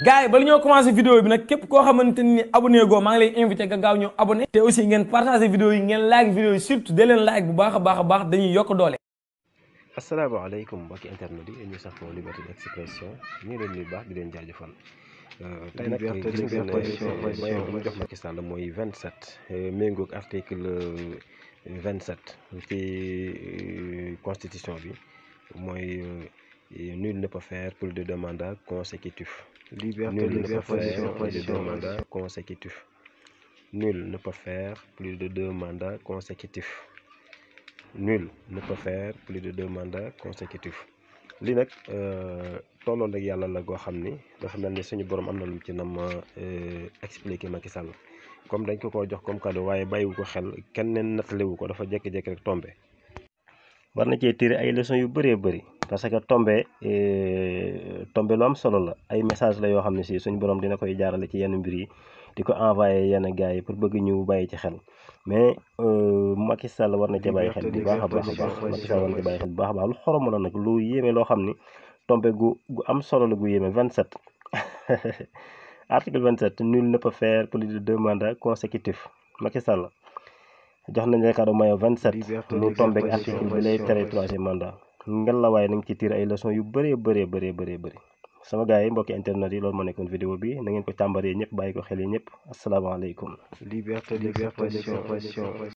gars yi bala ñoo commencé vidéo bi nag képp koo xamante ni abonné goo maa ngi lay invité nga gaaw ñëw abonné te aussi ngeen partagé vidéo yi ngeen like vidéo yi surtout dee leen like bu baax a baax a baax dañuy yokk doole asalaamaaleykum mbokki internet yi ñu saxoo liberté d'expression ñu leen nuyu baax di leen jaajëfal euh, tey nag gis ngeen mayo mu jox Macky Sall mooy vingt sept euh, méngoog article euh, vingt sept constitution bi mooy nul ne peut faire plus de deux mandats consécutifs. Liberté, nul liberté, ne plus de deux mandats consécutifs. Nul ne de deux mandats consécutifs. Nul ne peut de li nag euh, tolloon rek yàlla la goo xam ni dafa mel ni suñu borom am na lu ci nam ma euh, expliqué Macky Sall comme dañ ko ko jox comme cadeau waaye bàyyiwu ko xel kenn nattalewu ko dafa jékki-jékki rek tombé. war na cee tiré ay leçons yu baree bëri. parce que tombe eh, tombé lu am solo la ay message la yoo xam ne si suñu borom dina koy jaarale ci yenn mbir yi di ko envoyé yenn gars yi pour bëgg ñu bàyyi ci xel mais euh, Macky Sall war na cee bàyyi xel bu baax a baax a baax Macky bu baax a baax lu xorom la nag lu yéeme loo xam ni tombe gu gu am solo la gu yéeme 27 article 27 nul ne peut faire plus de deux mandats consécutifs Macky Sall jox nañ la kàddu mayo 27 lu tombé article bi lay tere troisième mandat. ngelawaay nañ ci tiir ay leçons yu bëree bëree bëree bëree bëri sama gars yi mbokki internet yi loolu moo nekkoon vidéo bi na ngeen ko càmbaree ñëpp bàyyi ko xel yi ñëpp asalaamaaleykum liberté d'expression